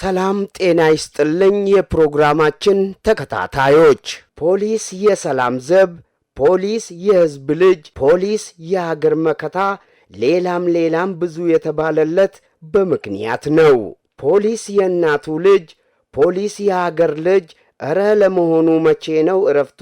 ሰላም ጤና ይስጥልኝ። የፕሮግራማችን ተከታታዮች ፖሊስ የሰላም ዘብ፣ ፖሊስ የህዝብ ልጅ፣ ፖሊስ የሀገር መከታ፣ ሌላም ሌላም ብዙ የተባለለት በምክንያት ነው። ፖሊስ የእናቱ ልጅ፣ ፖሊስ የሀገር ልጅ፣ እረ ለመሆኑ መቼ ነው እረፍቱ?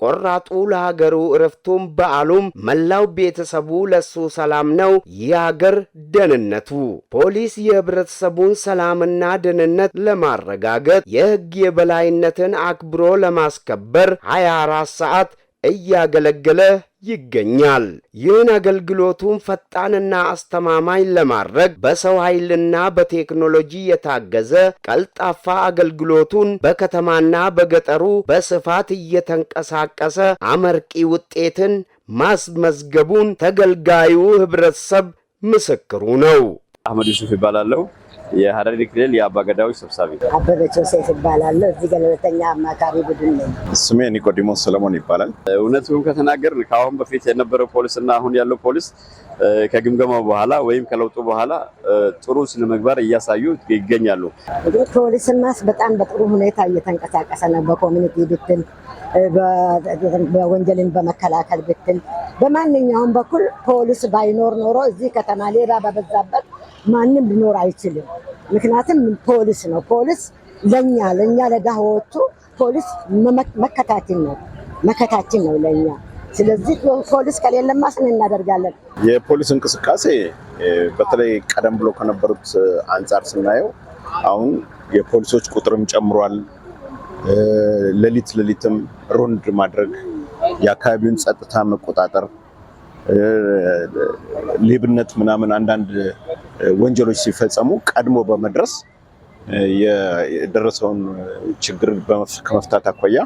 ቆራጡ ለሀገሩ እረፍቱም በዓሉም መላው ቤተሰቡ ለሱ ሰላም ነው የሀገር ደህንነቱ። ፖሊስ የህብረተሰቡን ሰላምና ደህንነት ለማረጋገጥ የህግ የበላይነትን አክብሮ ለማስከበር 24 ሰዓት እያገለገለ ይገኛል። ይህን አገልግሎቱን ፈጣንና አስተማማኝ ለማድረግ በሰው ኃይልና በቴክኖሎጂ የታገዘ ቀልጣፋ አገልግሎቱን በከተማና በገጠሩ በስፋት እየተንቀሳቀሰ አመርቂ ውጤትን ማስመዝገቡን ተገልጋዩ ህብረተሰብ ምስክሩ ነው። አህመድ ዩሱፍ ይባላለሁ። የሀረሪ ክልል የአባገዳዎች ሰብሳቢ አበበች ዮሴፍ ይባላለሁ። እዚህ ገለልተኛ አማካሪ ቡድን ነኝ። ስሜ ኒቆዲሞስ ሰለሞን ይባላል። እውነቱን ከተናገርን ከአሁን በፊት የነበረው ፖሊስ እና አሁን ያለው ፖሊስ ከግምገማው በኋላ ወይም ከለውጡ በኋላ ጥሩ ስነ ምግባር እያሳዩ ይገኛሉ። እንግዲህ ፖሊስማስ በጣም በጥሩ ሁኔታ እየተንቀሳቀሰ ነው። በኮሚኒቲ ብትል፣ በወንጀልን በመከላከል ብትል፣ በማንኛውም በኩል ፖሊስ ባይኖር ኖሮ እዚህ ከተማ ሌባ በበዛበት ማንም ሊኖር አይችልም። ምክንያቱም ፖሊስ ነው። ፖሊስ ለኛ ለኛ ለድሃዎቹ ፖሊስ መከታችን ነው መከታችን ነው ለኛ። ስለዚህ ፖሊስ ከሌለማ ምን እናደርጋለን። የፖሊስ እንቅስቃሴ በተለይ ቀደም ብሎ ከነበሩት አንጻር ስናየው አሁን የፖሊሶች ቁጥርም ጨምሯል። ሌሊት ሌሊትም ሮንድ ማድረግ የአካባቢውን ጸጥታ መቆጣጠር ሌብነት ምናምን አንዳንድ ወንጀሎች ሲፈጸሙ ቀድሞ በመድረስ የደረሰውን ችግር ከመፍታት አኳያ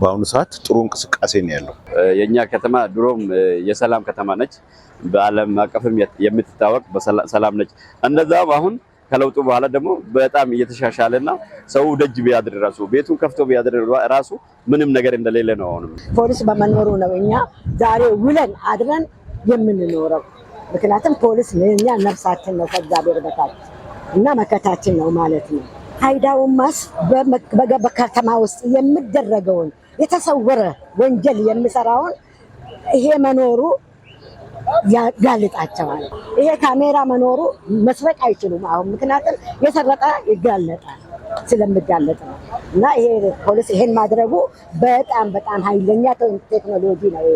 በአሁኑ ሰዓት ጥሩ እንቅስቃሴ ነው ያለው። የእኛ ከተማ ድሮም የሰላም ከተማ ነች፣ በዓለም አቀፍም የምትታወቅ ሰላም ነች። እንደዛም አሁን ከለውጡ በኋላ ደግሞ በጣም እየተሻሻለና ሰው ደጅ ቢያድር ራሱ ቤቱን ከፍቶ ቢያድር ራሱ ምንም ነገር እንደሌለ ነው። አሁንም ፖሊስ በመኖሩ ነው እኛ ዛሬ ውለን አድረን የምንኖረው። ምክንያቱም ፖሊስ እኛ ነፍሳችን ነው ከእግዚአብሔር በታች እና መከታችን ነው ማለት ነው። ሀይዳውማስ በከተማ ውስጥ የሚደረገውን የተሰወረ ወንጀል የሚሰራውን ይሄ መኖሩ ያጋልጣቸዋል። ይሄ ካሜራ መኖሩ መስረቅ አይችሉም አሁን ምክንያቱም የሰረቀ ይጋለጣል ስለሚጋለጥ ነው። እና ይሄ ፖሊስ ይሄን ማድረጉ በጣም በጣም ኃይለኛ ቴክኖሎጂ ነው።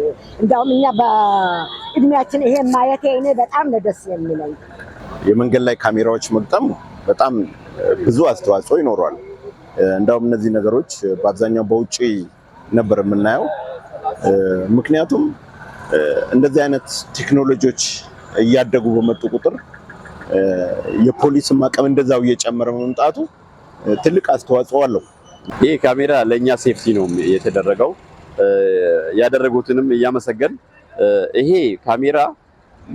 እንዲሁም እኛ በእድሜያችን ይሄን ማየቴ እኔ በጣም ነው ደስ የሚለኝ። የመንገድ ላይ ካሜራዎች መግጠም በጣም ብዙ አስተዋጽኦ ይኖረዋል። እንዳውም እነዚህ ነገሮች በአብዛኛው በውጭ ነበር የምናየው። ምክንያቱም እንደዚህ አይነት ቴክኖሎጂዎች እያደጉ በመጡ ቁጥር የፖሊስን አቅም እንደዛው እየጨመረ መምጣቱ ትልቅ አስተዋጽኦ አለው። ይህ ካሜራ ለእኛ ሴፍቲ ነው የተደረገው። ያደረጉትንም እያመሰገን ይሄ ካሜራ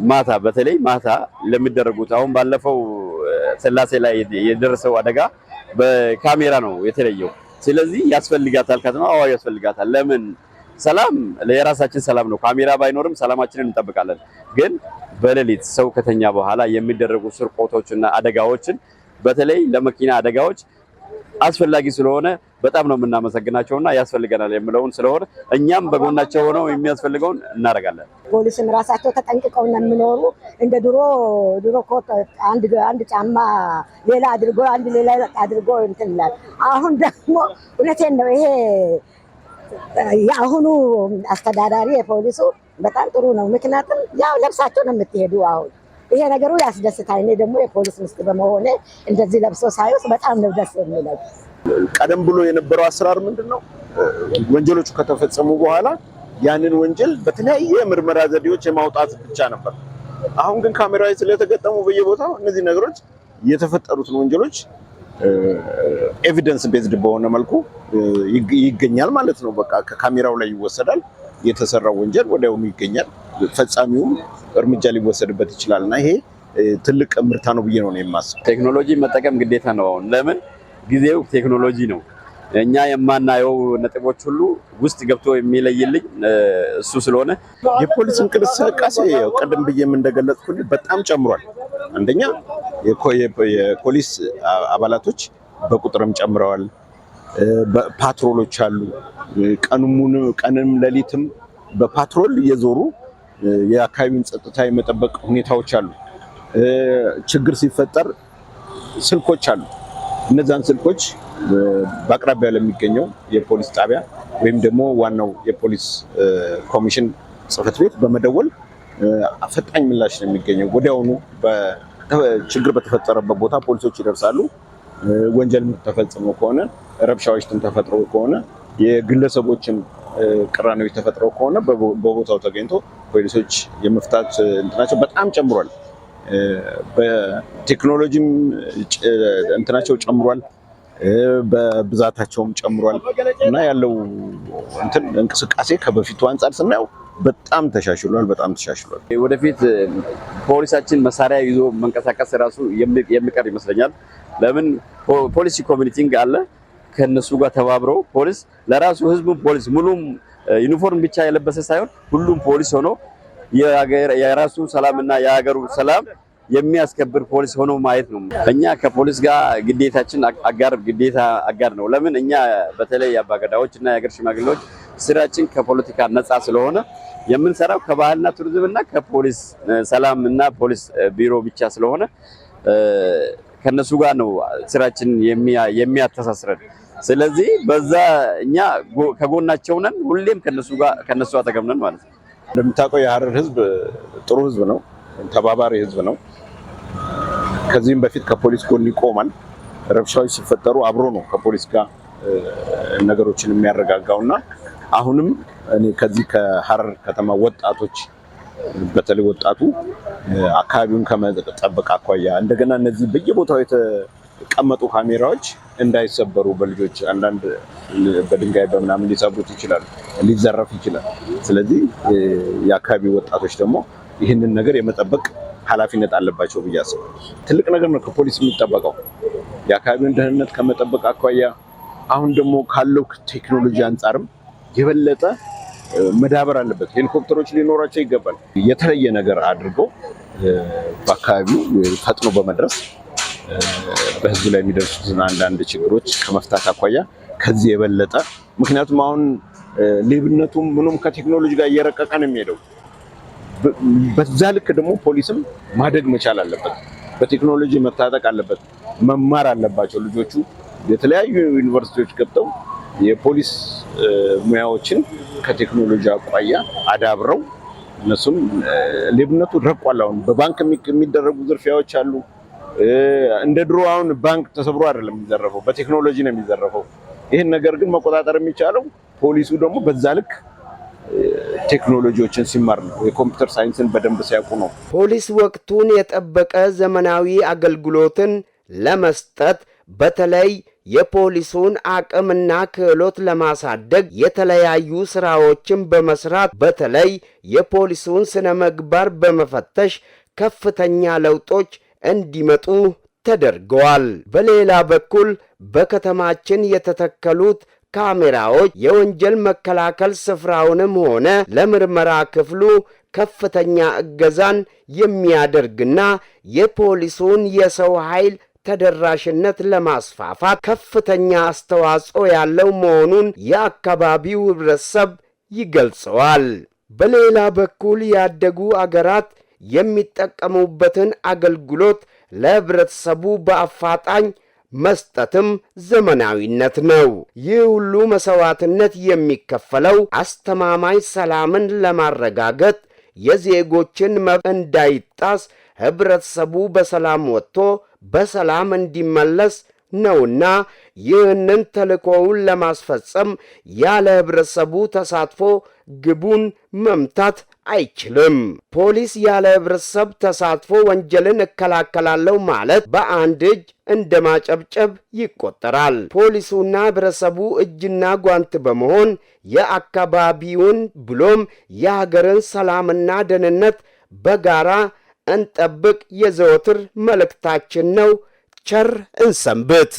ማታ በተለይ ማታ ለሚደረጉት አሁን ባለፈው ስላሴ ላይ የደረሰው አደጋ በካሜራ ነው የተለየው። ስለዚህ ያስፈልጋታል፣ ከተማ አዋ ያስፈልጋታል። ለምን ሰላም የራሳችን ሰላም ነው። ካሜራ ባይኖርም ሰላማችንን እንጠብቃለን። ግን በሌሊት ሰው ከተኛ በኋላ የሚደረጉ ስርቆቶችና አደጋዎችን በተለይ ለመኪና አደጋዎች አስፈላጊ ስለሆነ በጣም ነው የምናመሰግናቸውና ያስፈልገናል የምለውን ስለሆነ እኛም በጎናቸው ሆነው የሚያስፈልገውን እናደርጋለን። ፖሊስም ራሳቸው ተጠንቅቀው ነው የሚኖሩ። እንደ ድሮ ድሮ አንድ ጫማ ሌላ አድርጎ አንድ ሌላ አድርጎ እንትን ይላል። አሁን ደግሞ እውነቴን ነው ይሄ የአሁኑ አስተዳዳሪ የፖሊሱ በጣም ጥሩ ነው። ምክንያቱም ያው ለብሳቸው ነው የምትሄዱ አሁን ይሄ ነገሩ ያስደስታል። እኔ ደግሞ የፖሊስ ሚስት በመሆነ እንደዚህ ለብሶ ሳይወስ በጣም ነው ደስ የሚለው። ቀደም ብሎ የነበረው አሰራር ምንድን ነው? ወንጀሎቹ ከተፈጸሙ በኋላ ያንን ወንጀል በተለያየ ምርመራ ዘዴዎች የማውጣት ብቻ ነበር። አሁን ግን ካሜራ ስለተገጠሙ በየቦታው እነዚህ ነገሮች የተፈጠሩትን ወንጀሎች ኤቪደንስ ቤዝድ በሆነ መልኩ ይገኛል ማለት ነው። በቃ ከካሜራው ላይ ይወሰዳል። የተሰራው ወንጀል ወዲያውኑ ይገኛል። ፈጻሚውም እርምጃ ሊወሰድበት ይችላል እና ይሄ ትልቅ ምርታ ነው ብዬ ነው የማስበው። ቴክኖሎጂ መጠቀም ግዴታ ነው። አሁን ለምን ጊዜው ቴክኖሎጂ ነው። እኛ የማናየው ነጥቦች ሁሉ ውስጥ ገብቶ የሚለይልኝ እሱ ስለሆነ የፖሊስ እንቅስቃሴ ቅድም ብዬም እንደገለጽኩልህ በጣም ጨምሯል። አንደኛ የፖሊስ አባላቶች በቁጥርም ጨምረዋል። ፓትሮሎች አሉ። ቀንም ሌሊትም በፓትሮል እየዞሩ የአካባቢውን ጸጥታ የመጠበቅ ሁኔታዎች አሉ። ችግር ሲፈጠር ስልኮች አሉ። እነዛን ስልኮች በአቅራቢያ ለሚገኘው የፖሊስ ጣቢያ ወይም ደግሞ ዋናው የፖሊስ ኮሚሽን ጽህፈት ቤት በመደወል ፈጣኝ ምላሽ ነው የሚገኘው። ወዲያውኑ ችግር በተፈጠረበት ቦታ ፖሊሶች ይደርሳሉ። ወንጀል ተፈጽሞ ከሆነ ረብሻዎችን ተፈጥሮ ከሆነ የግለሰቦችን ቅራኔዎች ተፈጥረው ከሆነ በቦታው ተገኝቶ ፖሊሶች የመፍታት እንትናቸው በጣም ጨምሯል። በቴክኖሎጂም እንትናቸው ጨምሯል፣ በብዛታቸውም ጨምሯል እና ያለው እንትን እንቅስቃሴ ከበፊቱ አንጻር ስናየው በጣም ተሻሽሏል። በጣም ተሻሽሏል። ወደፊት ፖሊሳችን መሳሪያ ይዞ መንቀሳቀስ ራሱ የሚቀር ይመስለኛል። ለምን ፖሊሲ ኮሚኒቲንግ አለ ከነሱ ጋር ተባብረው ፖሊስ ለራሱ ህዝቡ ፖሊስ ሙሉም ዩኒፎርም ብቻ የለበሰ ሳይሆን ሁሉም ፖሊስ ሆኖ የራሱን ሰላምና የሀገሩ ሰላም የሚያስከብር ፖሊስ ሆኖ ማየት ነው። እኛ ከፖሊስ ጋር ግዴታችን አጋር ግዴታ አጋር ነው። ለምን እኛ በተለይ የአባገዳዎች እና የሀገር ሽማግሌዎች ስራችን ከፖለቲካ ነፃ ስለሆነ የምንሰራው ከባህልና ቱሪዝም እና ከፖሊስ ሰላም እና ፖሊስ ቢሮ ብቻ ስለሆነ ከነሱ ጋር ነው ስራችን የሚያተሳስረን። ስለዚህ በዛ እኛ ከጎናቸው ነን፣ ሁሌም ከነሱ ጋር ከነሱ አጠገብ ነን ማለት ነው። እንደምታውቀው የሀረር ህዝብ ጥሩ ህዝብ ነው፣ ተባባሪ ህዝብ ነው። ከዚህም በፊት ከፖሊስ ጎን ይቆማል። ረብሻዎች ሲፈጠሩ አብሮ ነው ከፖሊስ ጋር ነገሮችን የሚያረጋጋው እና አሁንም እኔ ከዚህ ከሀረር ከተማ ወጣቶች በተለይ ወጣቱ አካባቢውን ከመጠበቅ አኳያ እንደገና እነዚህ በየቦታው የተቀመጡ ካሜራዎች እንዳይሰበሩ በልጆች አንዳንድ በድንጋይ በምናምን ሊሰብሩት ይችላሉ፣ ሊዘረፍ ይችላል። ስለዚህ የአካባቢ ወጣቶች ደግሞ ይህንን ነገር የመጠበቅ ኃላፊነት አለባቸው ብዬ አስባለሁ። ትልቅ ነገር ነው ከፖሊስ የሚጠበቀው የአካባቢውን ደህንነት ከመጠበቅ አኳያ። አሁን ደግሞ ካለው ቴክኖሎጂ አንጻርም የበለጠ መዳበር አለበት። ሄሊኮፕተሮች ሊኖራቸው ይገባል። የተለየ ነገር አድርገው በአካባቢው ፈጥኖ በመድረስ በህዝብ ላይ የሚደርሱትን አንዳንድ ችግሮች ከመፍታት አኳያ ከዚህ የበለጠ ምክንያቱም አሁን ሌብነቱም ምኑም ከቴክኖሎጂ ጋር እየረቀቀ ነው የሚሄደው። በዛ ልክ ደግሞ ፖሊስም ማደግ መቻል አለበት። በቴክኖሎጂ መታጠቅ አለበት። መማር አለባቸው ልጆቹ የተለያዩ ዩኒቨርሲቲዎች ገብተው የፖሊስ ሙያዎችን ከቴክኖሎጂ አኳያ አዳብረው እነሱም ሌብነቱ ረቋል። አሁን በባንክ የሚደረጉ ዝርፊያዎች አሉ። እንደ ድሮ አሁን ባንክ ተሰብሮ አይደለም የሚዘረፈው፣ በቴክኖሎጂ ነው የሚዘረፈው። ይህን ነገር ግን መቆጣጠር የሚቻለው ፖሊሱ ደግሞ በዛ ልክ ቴክኖሎጂዎችን ሲማር ነው። የኮምፒውተር ሳይንስን በደንብ ሲያውቁ ነው። ፖሊስ ወቅቱን የጠበቀ ዘመናዊ አገልግሎትን ለመስጠት በተለይ የፖሊሱን አቅምና ክህሎት ለማሳደግ የተለያዩ ስራዎችን በመስራት በተለይ የፖሊሱን ስነ ምግባር በመፈተሽ ከፍተኛ ለውጦች እንዲመጡ ተደርገዋል። በሌላ በኩል በከተማችን የተተከሉት ካሜራዎች የወንጀል መከላከል ስፍራውንም ሆነ ለምርመራ ክፍሉ ከፍተኛ እገዛን የሚያደርግና የፖሊሱን የሰው ኃይል ተደራሽነት ለማስፋፋት ከፍተኛ አስተዋጽኦ ያለው መሆኑን የአካባቢው ሕብረተሰብ ይገልጸዋል። በሌላ በኩል ያደጉ አገራት የሚጠቀሙበትን አገልግሎት ለህብረተሰቡ በአፋጣኝ መስጠትም ዘመናዊነት ነው። ይህ ሁሉ መሥዋዕትነት የሚከፈለው አስተማማኝ ሰላምን ለማረጋገጥ የዜጎችን መብት እንዳይጣስ ህብረተሰቡ በሰላም ወጥቶ በሰላም እንዲመለስ ነውና ይህንን ተልእኮውን ለማስፈጸም ያለ ህብረተሰቡ ተሳትፎ ግቡን መምታት አይችልም። ፖሊስ ያለ ህብረተሰብ ተሳትፎ ወንጀልን እከላከላለሁ ማለት በአንድ እጅ እንደ ማጨብጨብ ይቆጠራል። ፖሊሱና ህብረተሰቡ እጅና ጓንት በመሆን የአካባቢውን ብሎም የሀገርን ሰላምና ደህንነት በጋራ እንጠብቅ የዘወትር መልእክታችን ነው። ቸር እንሰንብት።